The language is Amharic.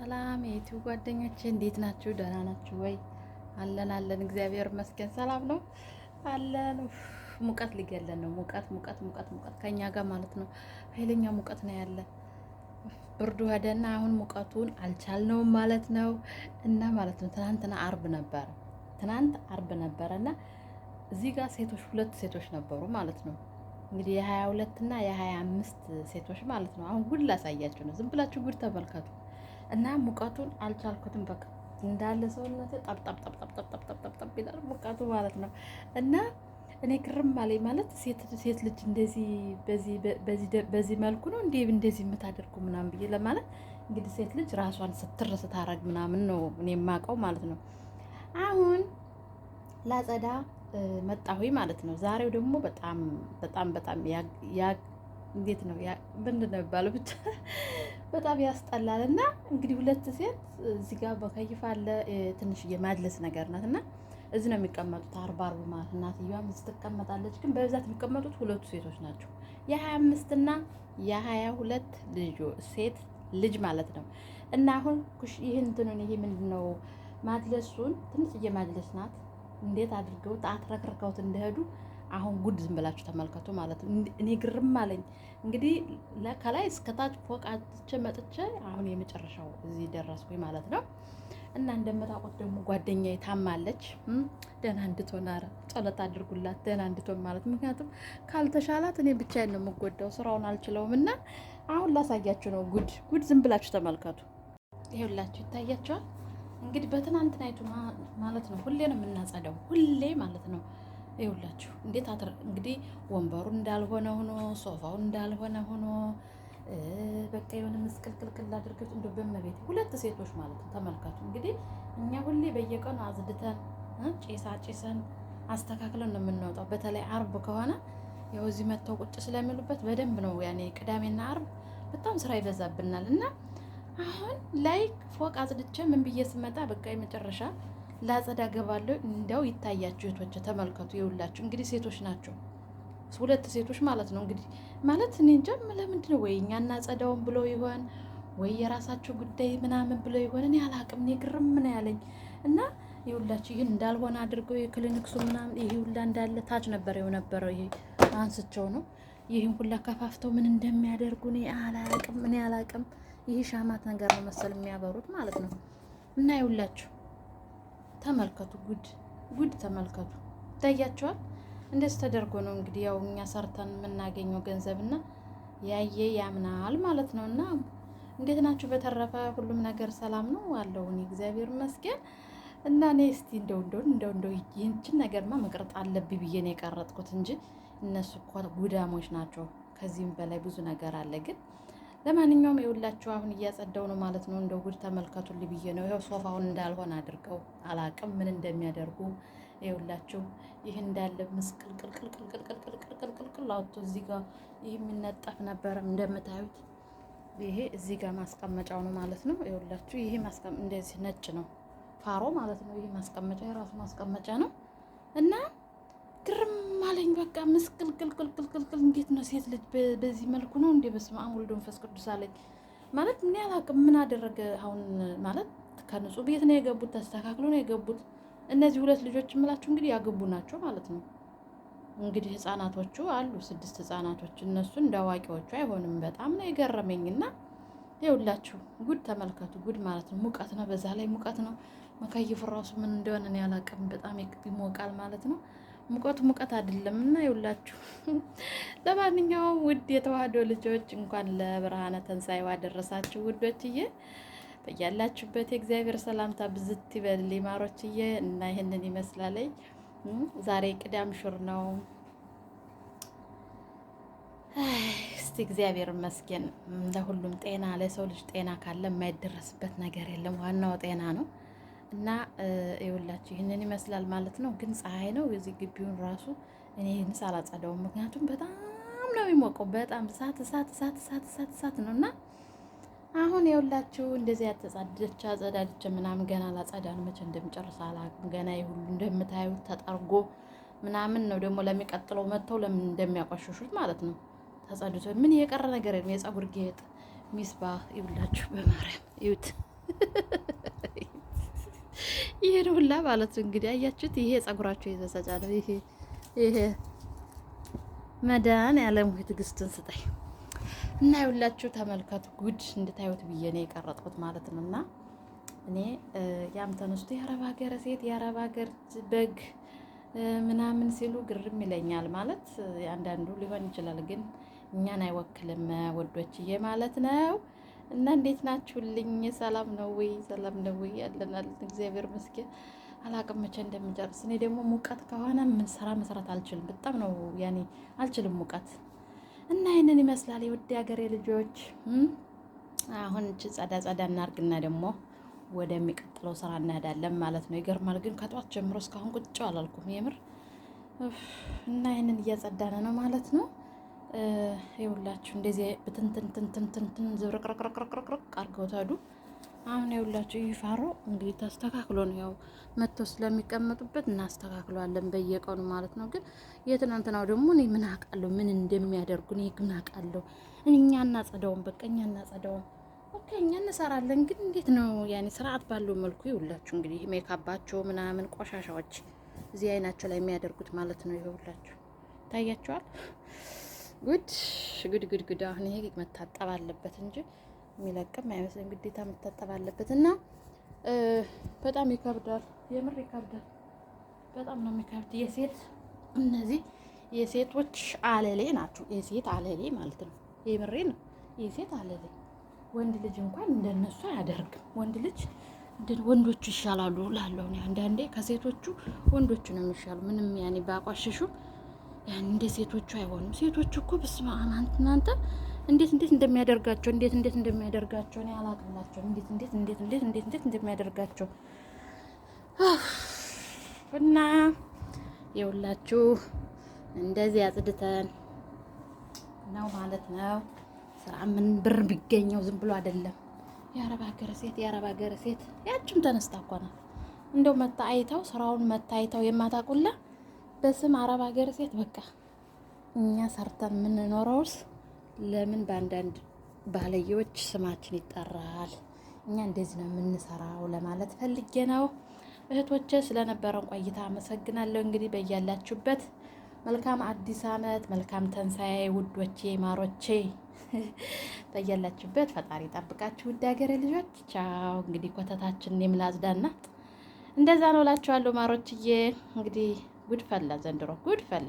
ሰላም የዩቲዩብ ጓደኞቼ እንዴት ናችሁ? ደህና ናችሁ ወይ? አለን አለን፣ እግዚአብሔር ይመስገን ሰላም ነው አለን። ሙቀት ሊገለን ነው። ሙቀት ሙቀት ሙቀት ሙቀት ከኛ ጋር ማለት ነው። ኃይለኛ ሙቀት ነው ያለ። ብርዱ ሄደና አሁን ሙቀቱን አልቻልነውም ማለት ነው። እና ማለት ነው ትናንትና አርብ ነበረ፣ ትናንት አርብ ነበረ እና እዚህ ጋር ሴቶች ሁለት ሴቶች ነበሩ ማለት ነው እንግዲህ የሀያ ሁለት እና የሀያ አምስት ሴቶች ማለት ነው። አሁን ጉድ ላሳያችሁ ነው። ዝም ብላችሁ ጉድ ተመልከቱ። እና ሙቀቱን አልቻልኩትም። በቃ እንዳለ ሰውነት ጠብጠብጠብጠብጠብጠብጠብ ይላል ሙቀቱ ማለት ነው። እና እኔ ግርም አለኝ ማለት ሴት ልጅ እንደዚህ በዚህ መልኩ ነው እንዲ እንደዚህ የምታደርጉ ምናምን ብዬ ለማለት እንግዲህ ሴት ልጅ ራሷን ስትር ስታረግ ምናምን ነው እኔ የማውቀው ማለት ነው። አሁን ላጸዳ መጣሁኝ ማለት ነው። ዛሬው ደግሞ በጣም በጣም በጣም ያ እንዴት ነው ምንድን ነው የሚባለው ብቻ በጣም ያስጠላል። እና እንግዲህ ሁለት ሴት እዚህ ጋር በከይፍ አለ ትንሽዬ ማድለስ ነገር ናት እና እዚህ ነው የሚቀመጡት። አርባ አርብ ማለት እናትየዋም እዚህ ትቀመጣለች። ግን በብዛት የሚቀመጡት ሁለቱ ሴቶች ናቸው። የሀያ አምስት እና የሀያ ሁለት ልጆ ሴት ልጅ ማለት ነው። እና አሁን ይህን እንትኑን ይሄ ምንድን ነው ማድለሱን ትንሽዬ ማድለስ ናት። እንዴት አድርገውት አትረክርከውት እንደሄዱ አሁን ጉድ ዝም ብላችሁ ተመልከቱ ማለት ነው። እኔ ግርም አለኝ እንግዲህ ከላይ እስከታች አጥቼ መጥቼ አሁን የመጨረሻው እዚህ ደረስኩኝ ማለት ነው። እና እንደምታውቁት ደግሞ ጓደኛ ታማለች። ደህና እንድትሆን ኧረ ጸሎት አድርጉላት ደህና እንድትሆን ማለት ምክንያቱም ካልተሻላት እኔ ብቻዬን ነው የምጎዳው፣ ስራውን አልችለውም። እና አሁን ላሳያችሁ ነው ጉድ ጉድ ዝም ብላችሁ ተመልከቱ። ይሄውላችሁ ይታያቸዋል። እንግዲህ በትናንትናይቱ ማለት ነው ሁሌ ነው የምናጸደው ሁሌ ማለት ነው ይውላችሁ እንዴት አትረ እንግዲህ ወንበሩ እንዳልሆነ ሆኖ ሶፋው እንዳልሆነ ሆኖ በቃ የሆነ ምስቅልቅልቅል አድርገት እንደ በመቤት ሁለት ሴቶች ማለት ነው። ተመልከቱ እንግዲህ እኛ ሁሌ በየቀኑ አዝድተን ጭሳ ጭሰን አስተካክለን ነው የምንወጣው። በተለይ አርብ ከሆነ ያው እዚህ መጥተው ቁጭ ስለሚሉበት በደንብ ነው ያኔ ቅዳሜና አርብ በጣም ስራ ይበዛብናል እና አሁን ላይ ፎቅ አጽድቼ ምን ብዬ ስመጣ በቃ የመጨረሻ ላጸዳ ገባለሁ። እንደው ይታያችሁ እህቶች ተመልከቱ፣ ይውላችሁ እንግዲህ ሴቶች ናቸው ሁለት ሴቶች ማለት ነው እንግዲህ ማለት እኔ እንጃ ለምንድን ነው ወይ እኛ እናጸዳውን ብሎ ይሆን ወይ የራሳቸው ጉዳይ ምናምን ብሎ ይሆን እኔ አላቅም። እኔ ግርም ነው ያለኝ እና ይውላችሁ ይህን እንዳልሆነ አድርገው የክሊኒክሱ ምናምን ይሄ ሁላ እንዳለ ታች ነበር የነበረው ይሄ አንስቸው ነው ይህን ሁላ ከፋፍተው ምን እንደሚያደርጉ እኔ አላቅም። እኔ አላቅም። ይህ ሻማት ነገር ነው መሰል የሚያበሩት ማለት ነው እና ይውላችሁ ተመልከቱ። ጉድ ጉድ ተመልከቱ። ይታያቸዋል። እንደዚህ ተደርጎ ነው እንግዲህ ያው እኛ ሰርተን የምናገኘው ገንዘብና ያየ ያምናል ማለት ነው። እና እንዴት ናችሁ? በተረፈ ሁሉም ነገር ሰላም ነው አለውን? እግዚአብሔር ይመስገን። እና እኔ እስቲ እንደው እንደው እንደው እንደው ይህችን ነገርማ መቅረጥ አለብኝ ብዬ ነው የቀረጥኩት እንጂ እነሱ እኮ ጉዳሞች ናቸው። ከዚህም በላይ ብዙ ነገር አለ ግን ለማንኛውም የሁላችሁ አሁን እያጸዳው ነው ማለት ነው። እንደ ጉድ ተመልከቱ ብዬ ነው። ይኸው ሶፋውን እንዳልሆን አድርገው አላቅም ምን እንደሚያደርጉ ይኸውላችሁ። ይህ እንዳለ ምስቅልቅልቅልቅልቅልቅልቅልቅልቅል አውጥቶ እዚህ ጋር ይህ የሚነጠፍ ነበር እንደምታዩት። ይሄ እዚህ ጋር ማስቀመጫው ነው ማለት ነው። ይኸውላችሁ ይሄ እንደዚህ ነጭ ነው ፋሮ ማለት ነው። ይሄ ማስቀመጫ የራሱ ማስቀመጫ ነው እና አለኝ። በቃ ምስቅልቅልቅልቅልቅል እንዴት ነው ሴት ልጅ በዚህ መልኩ ነው እንዴ? በስመ አብ መንፈስ ቅዱስ አለኝ። ማለት እኔ አላውቅም ምን አደረገ አሁን። ማለት ከንጹህ ቤት ነው የገቡት፣ ተስተካክሎ ነው የገቡት። እነዚህ ሁለት ልጆች የምላችሁ እንግዲህ ያገቡ ናቸው ማለት ነው። እንግዲህ ህጻናቶቹ አሉ ስድስት ህጻናቶች፣ እነሱ እንደ አዋቂዎቹ አይሆንም። በጣም ነው የገረመኝና ይኸውላችሁ ጉድ ተመልከቱ። ጉድ ማለት ነው ሙቀት ነው፣ በዛ ላይ ሙቀት ነው። መካይፍ ራሱ ምን እንደሆነ እኔ በጣም ይሞቃል ማለት ነው። ሙቀቱ ሙቀት አይደለም እና ይውላችሁ። ለማንኛውም ውድ የተዋህዶ ልጆች እንኳን ለብርሃነ ትንሣኤው አደረሳችሁ ውዶችዬ። በያላችሁበት የእግዚአብሔር ሰላምታ ብዝት ይበል ማሮችዬ። እና ይህንን ይመስላለኝ ዛሬ ቅዳም ሹር ነው። እስቲ እግዚአብሔር ይመስገን ለሁሉም ጤና፣ ለሰው ልጅ ጤና ካለ የማይደረስበት ነገር የለም። ዋናው ጤና ነው። እና ይኸውላችሁ ይህንን ይመስላል ማለት ነው። ግን ፀሐይ ነው የዚህ ግቢውን ራሱ እኔ ይህን አላጸደውም፣ ምክንያቱም በጣም ነው የሚሞቀው። በጣም እሳት እሳት እሳት እሳት እሳት እሳት ነው እና አሁን ይኸውላችሁ እንደዚህ ያተጻደች አጸዳድች ምናምን ገና ላጸዳን መቼ እንደምጨርስ አላውቅም። ገና ይሁሉ እንደምታዩት ተጠርጎ ምናምን ነው ደግሞ ለሚቀጥለው መጥተው ለምን እንደሚያቋሽሹት ማለት ነው። ተጸድቶ ምን የቀረ ነገር የለም። የጸጉር ጌጥ ሚስባ ይኸውላችሁ በማርያም ይዩት። ይሄ ነው ሁላ ማለት እንግዲህ አያችሁት። ይሄ ጸጉራቸው ይበሳጫል። ይሄ ይሄ መዳን ያለም ትዕግስትን ስጠይ እና ይኸውላችሁ ተመልከቱ። ጉድ እንድታዩት ብዬ ነው የቀረጥኩት ማለት ነው። እና እኔ ያም ተነስቶ የአረብ ሀገር ሴት የአረብ ሀገር በግ ምናምን ሲሉ ግርም ይለኛል ማለት አንዳንዱ ሊሆን ይችላል፣ ግን እኛን አይወክልም ወዶችዬ ማለት ነው። እና እንዴት ናችሁልኝ? ሰላም ነው ወይ? ሰላም ነው ወይ? ያለናል እግዚአብሔር መስገን አላቅም መቼ እንደምጨርስ። እኔ ደግሞ ሙቀት ከሆነ ምን ስራ መስራት አልችልም። በጣም ነው ያኔ አልችልም ሙቀት እና ይህንን ይመስላል የውድ ሀገሬ ልጆች። አሁን እች ጸዳ ጸዳ እናርግና ደግሞ ወደሚቀጥለው ስራ እናሄዳለን ማለት ነው። ይገርማል ግን ከጧት ጀምሮ እስካሁን ቁጭ አላልኩም የምር እና ይህንን እያጸዳነ ነው ማለት ነው ይኸውላችሁ እንደዚህ ብትንትንትንትንትን ትን አድርገው ተዱ። አሁን ይኸውላችሁ ይፋሮ እንግዲህ ተስተካክሎ ነው ያው መጥቶ ስለሚቀመጡበት እናስተካክለዋለን በየቀኑ ማለት ነው። ግን የትናንትናው ደግሞ እኔ ምን አውቃለሁ ምን እንደሚያደርጉ እኔ ግን አውቃለሁ። እኛ እናጸዳውም በቃ እኛ እናጸዳውም ኦኬ እኛ እንሰራለን። ግን እንዴት ነው ያኔ ስርዓት ባለው መልኩ ይኸውላችሁ እንግዲህ ሜካባቸው ምናምን ቆሻሻዎች እዚህ አይናቸው ላይ የሚያደርጉት ማለት ነው። ይኸውላችሁ ታያቸዋል ጉድ ጉድ ጉድ ጉድ። አሁን ይሄ መታጠብ አለበት እንጂ የሚለቅም አይመስለኝ። ግዴታ መታጠብ አለበት እና በጣም ይከብዳል። የምር ይከብዳል። በጣም ነው የሚከብድ። የሴት እነዚህ የሴቶች አለሌ ናቸው። የሴት አለሌ ማለት ነው። የምሬ ነው። የሴት አለሌ ወንድ ልጅ እንኳን እንደነሱ አያደርግም። ወንድ ልጅ ወንዶቹ ይሻላሉ ላለሁ አንዳንዴ ከሴቶቹ ወንዶቹ ነው የሚሻሉ ምንም ያኔ ባቋሸሹም እንደ ሴቶቹ አይሆንም ሴቶቹ እኮ ብስማ እናንተ እንዴት እንዴት እንደሚያደርጋቸው እንዴት እንዴት እንደሚያደርጋቸው እኔ አላቅላቸው እንዴት እንዴት እንዴት እንዴት እንዴት እንዴት እንደሚያደርጋቸው እና የሁላችሁ እንደዚህ አጽድተን ነው ማለት ነው ስራ ምን ብር ቢገኘው ዝም ብሎ አይደለም። የአረብ ሀገር ሴት የአረብ ሀገር ሴት ያችም ተነስታ እኮ ናት እንደው መታ አይተው ስራውን መታ አይተው የማታቁላ በስም አረብ ሀገር ሴት በቃ እኛ ሰርተን የምንኖረውስ ለምን በአንዳንድ ባለየዎች ስማችን ይጠራል? እኛ እንደዚህ ነው የምንሰራው ለማለት ፈልጌ ነው። እህቶቼ ስለነበረን ቆይታ አመሰግናለሁ። እንግዲህ በያላችሁበት መልካም አዲስ ዓመት፣ መልካም ተንሳኤ ውዶቼ ማሮቼ። በያላችሁበት ፈጣሪ ጠብቃችሁ ውድ ሀገሬ ልጆች። ቻው። እንግዲህ ኮተታችንን የምላዝዳና እንደዛ ነው እላችኋለሁ ማሮችዬ እንግዲህ ጉድ ፈላ ዘንድሮ ጉድ ፈላ።